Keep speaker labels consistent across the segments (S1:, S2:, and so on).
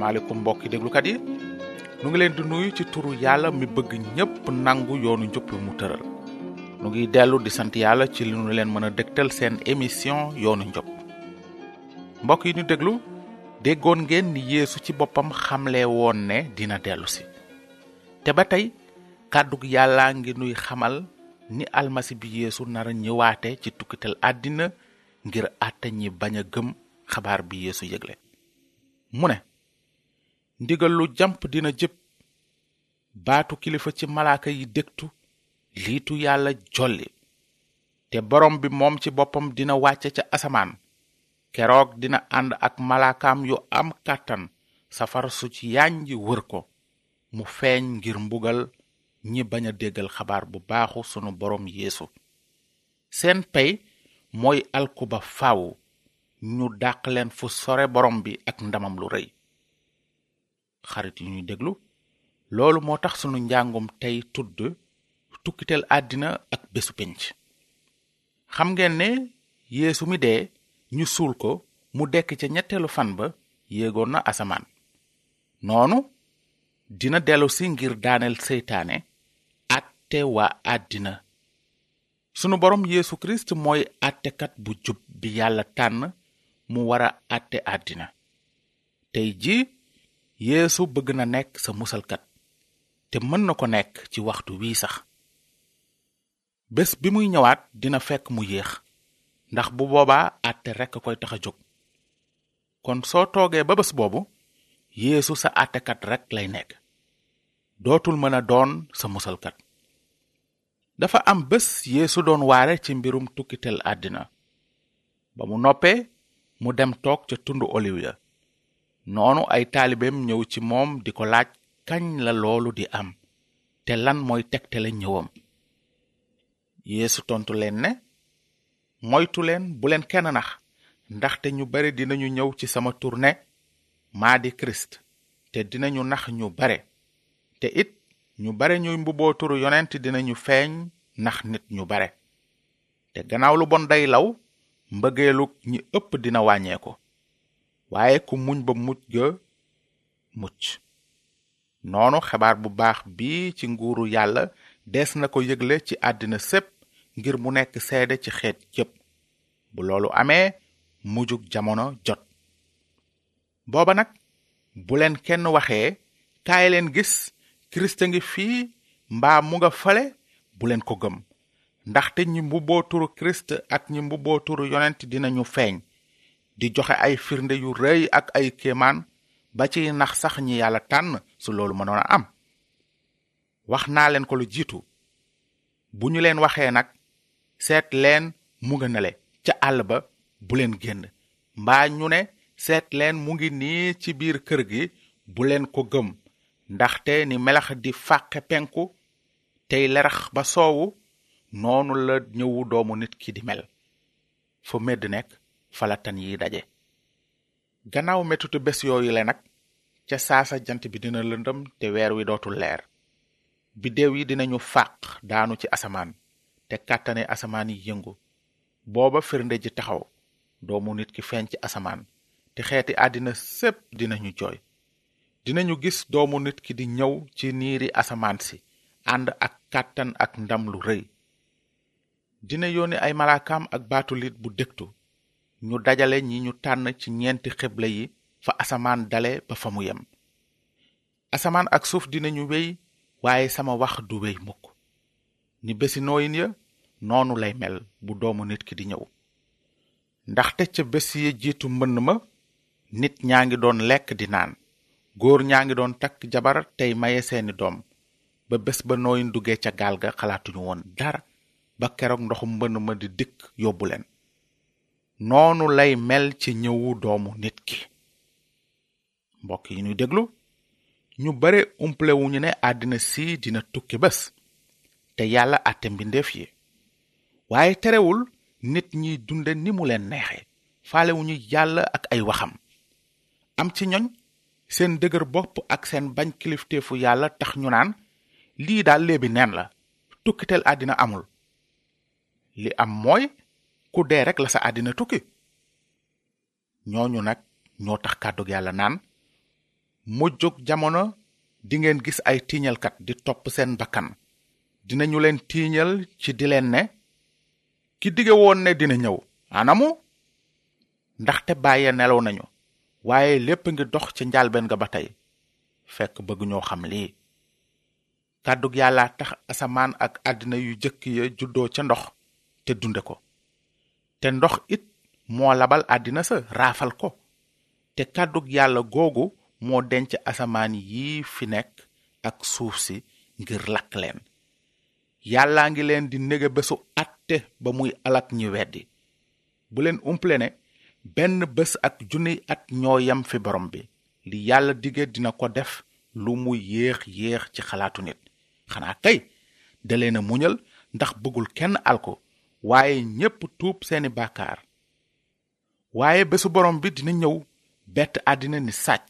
S1: mbokk yi déglukat yi nu ngi leen di nuyu ci turu yàlla mi bëgg ñépp nangu yoonu njub mu tëral nu ngi dellu di sant yàlla ci li nu leen mën a dégtal seen émission yoonu njub mbokk yi ñu déglu déggoon ngeen ni yeesu ci boppam xamle woon ne dina si te ba tey kàddug yàlla ngi nuy xamal ni almasi bi yeesu nara ñëwaate ci tukkital àddina ngir àtte ñi bañ a gëm xabaar bi yéesu yëgle mu ne ndigalu lu jamp dina jëpp baatu kilifa ci malaaka yi dégtu liitu yàlla jolli te borom bi moom ci boppam dina wàcce ca asamaan keroog dina ànd ak malaakaam yu am kàttan safara su ci yànji wër ko mu feeñ ngir mbugal ñi bañ a déggal xabaar bu baaxu sunu borom yéesu seen pey mooy alku faw ñu dàq leen fu sore borom bi ak ndamam lu rëy xarit yu ñuy déglu loolu moo tax sunu njàngum tey tudd tukkiteel àddina ak bésu pénc xam ngeen ne yéesu mi dee ñu suul ko mu dekk ca ñetteelu fan ba yéegoon na asamaan noonu dina dellusi ngir daaneel seytaane àtte waa àddina sunu boroom yéesu kirist mooy àttekat bu jub bi yàlla tànn mu wara àtte àddina tey ji yeesu bëgg na nekk sa musalkat te mën na ko nekk ci waxtu wii sax bés bi muy ñëwaat dina fekk mu yéex ndax bu boobaa àtte rekk a koy tax a jóg kon soo toogee ba bés boobu yéesu sa àttekat rekk lay nekk dootul mën a doon sa musalkat dafa am bés yéesu doon waare ci mbirum tukkitel àddina ba mu noppee mu dem toog ca tundu oliw ya noonu ay taalibeem ñëw ci moom di ko laaj kañ la loolu di am te lan mooy tegtale ñëwam yéesu tontu leen ne moytu leen bu leen kenn nax ndaxte ñu bare dinañu ñëw ci sama tur ne maa di kirist te dinañu nax ñu bare te it ñu bare ñuy mbubboo turu yonent dinañu feeñ nax nit ñu bare te gannaaw lu bon day law mbëggeelu ñi ëpp dina wàññeeku. waaye ku muñ ba mujj ga mucc noonu xabaar bu baax bii ci nguuru yàlla des na ko yëgle ci àddina sépp ngir mu nekk seede ci xeet yépp bu loolu amee mujjug jamono jot booba nag bu leen kenn waxee kaay leen gis kirista ngi fii mbaam mu nga fale bu leen ko gëm ndaxte ñi mbubboo turu kirist ak ñi mbubboo turu yonent dinañu feeñ di joxe ay firnde yu rëy ak ay kéemaan ba ci nax sax ñi yàlla tànn su loolu mënoon a am wax naa leen ko lu jiitu bu ñu leen waxee nag seet leen mu nga ca àll ba bu génn mbaa ñu ne seet leen mu ngi nii ci biir kër gi bu leen ko gëm ndaxte ni melax di fàqe penku tey lerax ba soowu noonu la ñëwu doomu nit ki di mel fa medd nekk falatan yi daje gannaaw mettitu bés yooyu le nag ca saasa jant bi dina lëndëm te weer wi dootu leer biddéew yi dinañu fàq daanu ci asamaan te kàttane asamaan yi yëngu booba firnde ji taxaw doomu nit ki feeñ ci asamaan te xeeti àddina sépp dinañu jooy dinañu gis doomu nit ki di ñëw ci niiri asamaan si ànd ak kàttan ak ndam lu rëy dina yónni ay malaakaam ak baatu lit bu dégtu ñu dajale ñi ñu tànn ci ñeenti xibla yi fa asamaan dale ba fa mu yem asamaan ak suuf dinañu wéy waaye sama wax du wéy mukk ni bési nooyin ya noonu lay mel bu doomu nit ki di ñëw ndaxte ca bés yi jiitu mbënn ma nit ñaa ngi doon lekk di naan góor ñaa ngi doon takk jabar tey maye seeni doom ba bés ba nooyin duggee ca gaal ga xalaatuñu woon dara ba keroog ndoxum mbënn ma di dikk yóbbu leen noonu lay mel ci ñëwu doomu nit ki mbokk yi ñuy déglu ñu bare umple ne àddina si dina tukki bés te yàlla àtte mbindeef yi waaye terewul nit ñiy dunde ni mu leen neexe faale wu yàlla ak ay waxam am ci ñoñ seen dëgër bopp ak seen bañ kilifteefu yàlla tax ñu naan lii daal léebi neen la tukkiteel àddina amul li am mooy ku dee rek la sa àddina tukki ñooñu nag ñoo tax kàddug yàlla naan mujjug jamono di ngeen gis ay tiiñalkat di topp seen bakkan dinañu leen tiiñal ci di leen ne ki dige woon ne dina ñëw anamu ndaxte bàyye nelaw nañu waaye lépp ngi dox ca njaalbeen nga ba tey fekk bëgg ñoo xam lii kàddug yàlla tax asamaan ak àddina yu jëkk ya juddoo ca ndox te dunde ko te ndox it moo labal àddina sa raafal ko te kàddug yàlla googu moo denc asamaan yi fi nekk ak suuf si ngir lakk leen yàllaa ngi leen di nége bésu àtte ba muy alak ñi weddi bu leen umple ne benn bés ak junniy at ñoo yam fi borom bi li yàlla dige dina ko def lu mu yéex yéex ci xalaatu nit xanaa kay da leen a muñal ndax bëggul kenn alko waaye ñépp tuub seeni bàkkaar waaye bésu boroom bi dina ñëw bett àddina ni sàcc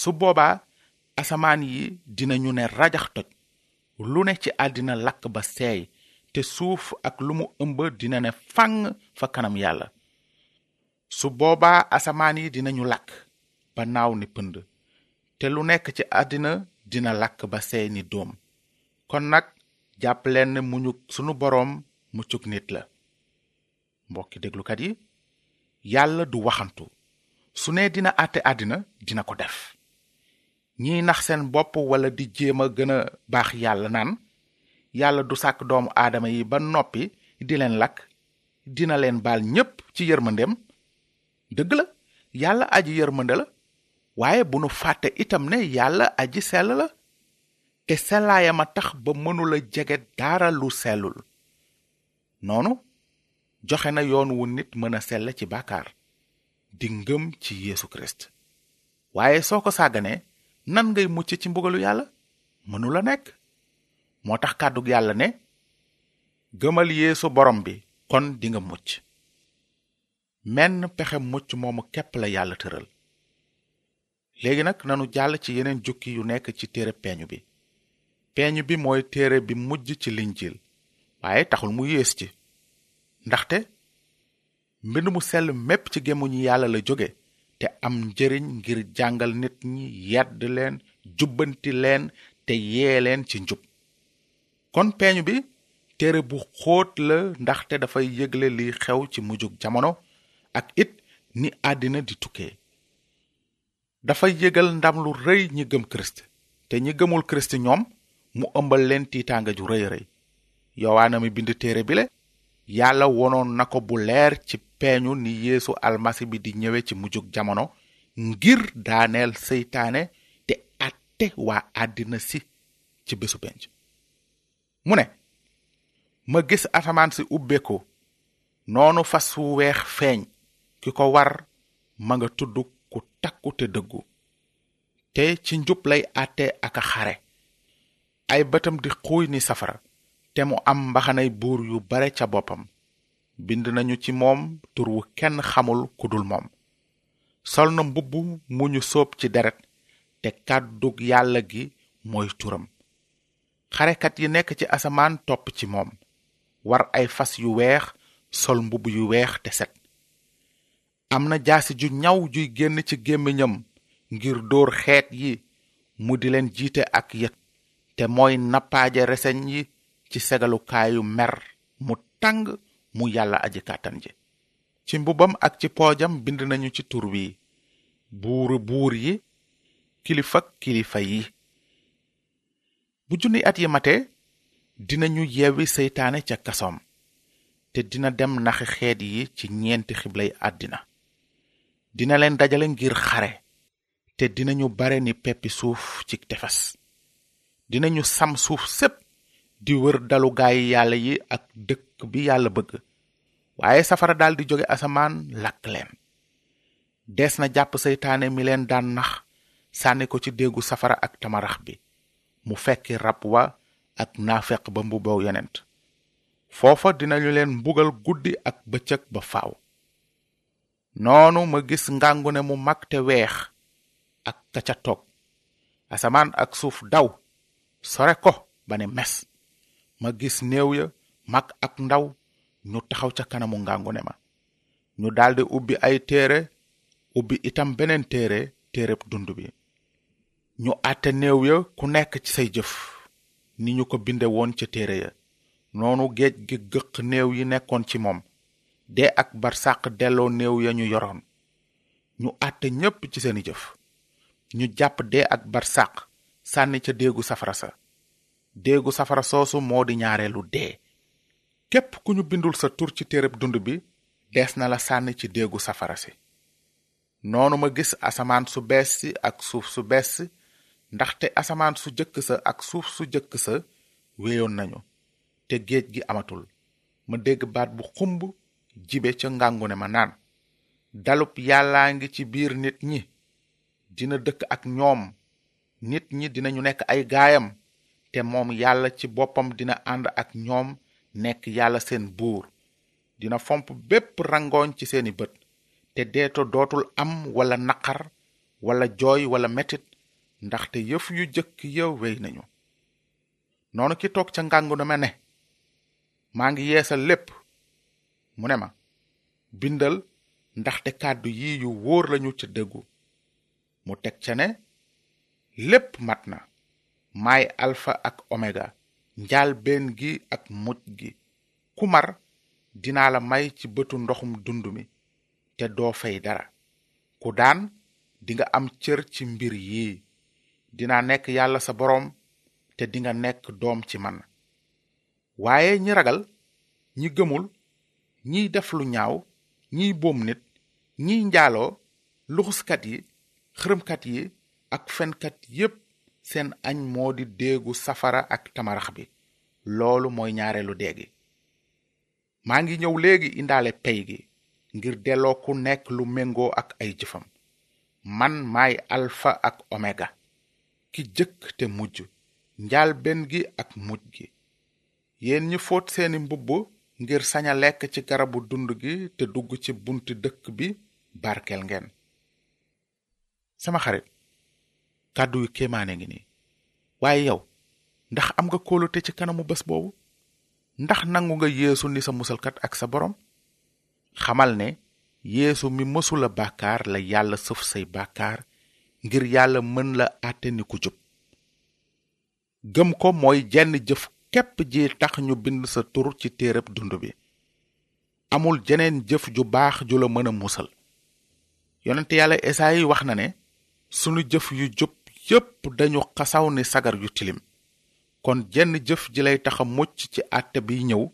S1: su boobaa asamaan yi dinañu ne rajax toj lu ne ci àddina lakk ba seey te suuf ak lu mu ëmb dina ne fànn fa kanam yàlla su boobaa asamaan yi dinañu lakk ba naaw ni pënd te lu nekk ci àddina dina lakk ba seey ni doom kon nag jàpp leen ne muñu sunu boroom muccuk nit la mbokki déglukat yi yàlla du waxantu su nee dina àtte àddina dina ko def ñiy nax seen bopp wala di jéem a gën a baax yàlla naan yàlla du sàkk doomu aadama yi ba noppi di leen lakk dina leen baal ñépp ci yërmandeem dëgg la yàlla aji yërmande la waaye bu nu fàtte itam ne yàlla aji sell la te sellaayam a tax ba mënula jege dara lu sellul noonu joxe na yoon wu nit mën a sell ci bàkkaar di ngëm ci yéesu Kirist waaye soo ko sàgganee nan ngay mucc ci mbugalu yàlla mënula nekk moo tax kàddu yàlla ne gëmal yéesu borom bi kon dinga mucc menn pexe mucc moomu képp la yàlla tëral léegi nag nanu jàll ci yeneen jukki yu nekk ci téere peeñu bi peeñu bi mooy téere bi mujj ci linjiil waaye taxul mu yées ci ndaxte mbind mu sell mépp ci gémmiñu yàlla la jóge te am njëriñ ngir jàngal nit ñi yedd leen jubbanti leen te yee leen ci njub kon peeñu bi téere bu xóot la ndaxte dafay yëgle liy xew ci mujjug jamono ak it ni àddina di tukkee dafay yëgal ndam lu rëy ñi gëm kirist te ñi gëmul kirist ñoom mu ëmbal leen tiitaanga ju rëy rëy yowaana mi bind téere bile yàlla wonoon na ko bu leer ci peeñu ni yéesu almasi bi di ñëwe ci mujjug jamono ngir daaneel seytaane te àtte waa àddina si ci bésu penc mu ne ma gis asamaan si ubbeeku noonu fas wu weex feeñ ki ko war ma nga tudd ku takku te dëggu te ci njub lay àtte ak a xare ay bëtam di xuuy ni safara te mu am mbaxanay buur yu bare ca boppam bind nañu ci moom tur wu kenn xamul ku dul moom sol na mbubb mu ñu sóob ci deret te kàddug yàlla gi mooy turam xarekat yi nekk ci asamaan topp ci moom war ay fas yu weex sol mbubb yu weex te set am na jaasi ju ñaw juy génn ci gémmiñam ngir dóor xeet yi mu di leen jiite ak yet te mooy nappaaje reseñ yi ci segalukaayu mer mu tàng mu yàlla aji kàttan ji ci mbubam ak ci poojam bind nañu ci tur wi buuru buur yi kilifak kilifa yi bu junni at yi mate dinañu yeewi seytaane ca kasom te dina dem naxi xeet yi ci ñeenti xiblay àddina dina leen dajale ngir xare te dinañu bare ni peppi suuf ci tefes dinañu sam suuf sépp di wër dalu gaay yàlla yi ak dëkk bi yàlla bëgg waaye safara daal di jóge asamaan lakk leen dees na jàpp seytaane mi leen daan nax sànni ko ci déggu safara ak tamarax bi mu fekki rab wa ak naafeq ba mbubboo yonent foofa dinañu leen mbugal guddi ak bëccëg ba faaw noonu ma gis ngàngu ne mu mag te weex ak ka ca toog asamaan ak suuf daw sore ko ba ne mes ma gis néew ya mag ak ndaw ñu taxaw ca kanamu ngàngune ma ñu daldi ubbi ay téere ubbi itam beneen téere téereb dund bi ñu àtte néew ya ku nekk ci say jëf ni ñu ko binde woon ca téere ya noonu géej gi gëq néew yi nekkoon ci moom dee ak barsàq delloo néew ya ñu yoroon ñu àtte ñépp ci seeni jëf ñu jàpp dee ak barsàq sànni ca déegu safara sa déegu safara soosu moo di ñaareelu dee képp ku ñu bindul sa tur ci téere dund bi dees na la sànni ci déegu safara si noonu ma gis asamaan su bees si ak suuf su bees si ndaxte asamaan su jëkk sa ak suuf su jëkk sa weyoon nañu te géej gi amatul ma dégg baat bu xumb jibe ca ngàngu ne ma naan dalub yàllaa ngi ci biir nit ñi dina dëkk ak ñoom nit ñi dinañu nekk ay gaayam te moom yàlla ci boppam dina ànd ak ñoom nekk yàlla seen buur dina fomp bépp rangooñ ci seeni bët te deeto dootul am wala naqar wala jooy wala metit ndaxte yëf yu jëkk yow wey nañu noonu ki toog ca ngàngu na ma ne maa ngi yeesal lépp mu ne ma bindal ndaxte kàddu yi yu wóor lañu ca déggu mu teg ca ne lépp mat na may alfa ak omega njaal benn gi ak mujj gi ku dinaa la may ci bëtu ndoxum dund mi te doo fay dara ku daan dinga am cër ci mbir yii dinaa nekk yàlla sa boroom te dinga nekk doom ci man waaye ñi ragal ñi gëmul ñi def lu ñaaw ñi boom nit ñiy njaaloo luxuskat yi xërëmkat yi ak fenkat yépp seen añ moo di déegu safara ak tamarax bi loolu mooy ñaareelu dee maa ngi ñëw léegi indaale pey gi ngir delloo ku nekk lu méngoo ak ay jëfam man maay alfa ak omega ki jëkk te mujj njaal benn gi ak mujj gi yéen ñi fóot seeni mbubb ngir saña lekk ci garabu dund gi te dugg ci bunti dëkk bi barkel ngeen sama kàddu yu kéemaane ngi nii waaye yow ndax am nga kóolute ci kanamu bés boobu ndax nangu nga yéesu ni sa musalkat ak sa borom xamal ne yéesu mi mësula bàkkaar la yàlla sëf say bàkkaar ngir yàlla mën la àtte ni ku jub gëm ko mooy jenn jëf képp ji tax ñu bind sa tur ci téereb dund bi amul jeneen jëf ju baax ju la mën a musal yonent yàlla esaayi wax na ne sunu jëf yu jub yépp dañu xasaw ni sagar yu tilim kon jenn jëf ji lay taxa mucc ci àtte bi ñëw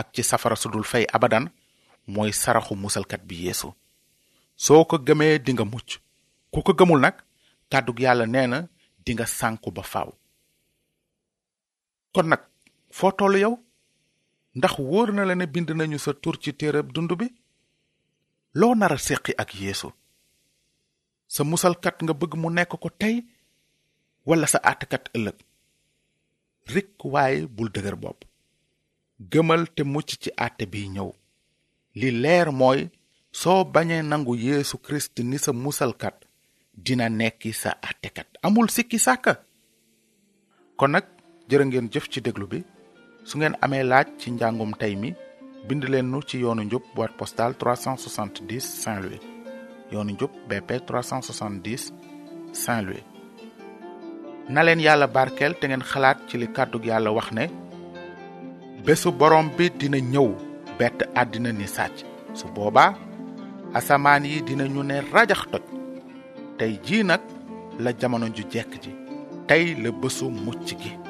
S1: ak ci safara su dul fay abadan mooy saraxu musalkat bi yéesu soo ko gëmee dinga mucc ku ko gëmul nag kàddug yàlla nee na dinga sànku ba faaw kon nag foo toll yow ndax wóor na la ne bind nañu sa tur ci téereb dund bi loo nara séqi ak yéesu sa musalkat nga bëgg mu nekk ko tey wala sa àttkat ëllëg rekk waaye bul dëgër bopp gëmal te mucc ci àtte bi ñëw li leer mooy soo bañee nangu yeesu kirist ni sa musalkat dina nekki sa àttekat amul sikki sàkka kon nag jërë ngeen jëf ci déglu bi su ngeen amee laaj ci njàngum tey mi bind leen nu ci yoonu njub boîte postale 370 Saint-Louis yoonu njub BP 370 Saint-Louis na leen yàlla barkeel te ngeen xalaat ci li kàddug yàlla wax ne bésu borom bi dina ñëw bett àddina ni sàcc su boobaa asamaan yi dinañu ne rajax toj tey jii nag la jamono ju jekk ji tey la bésu mucc gi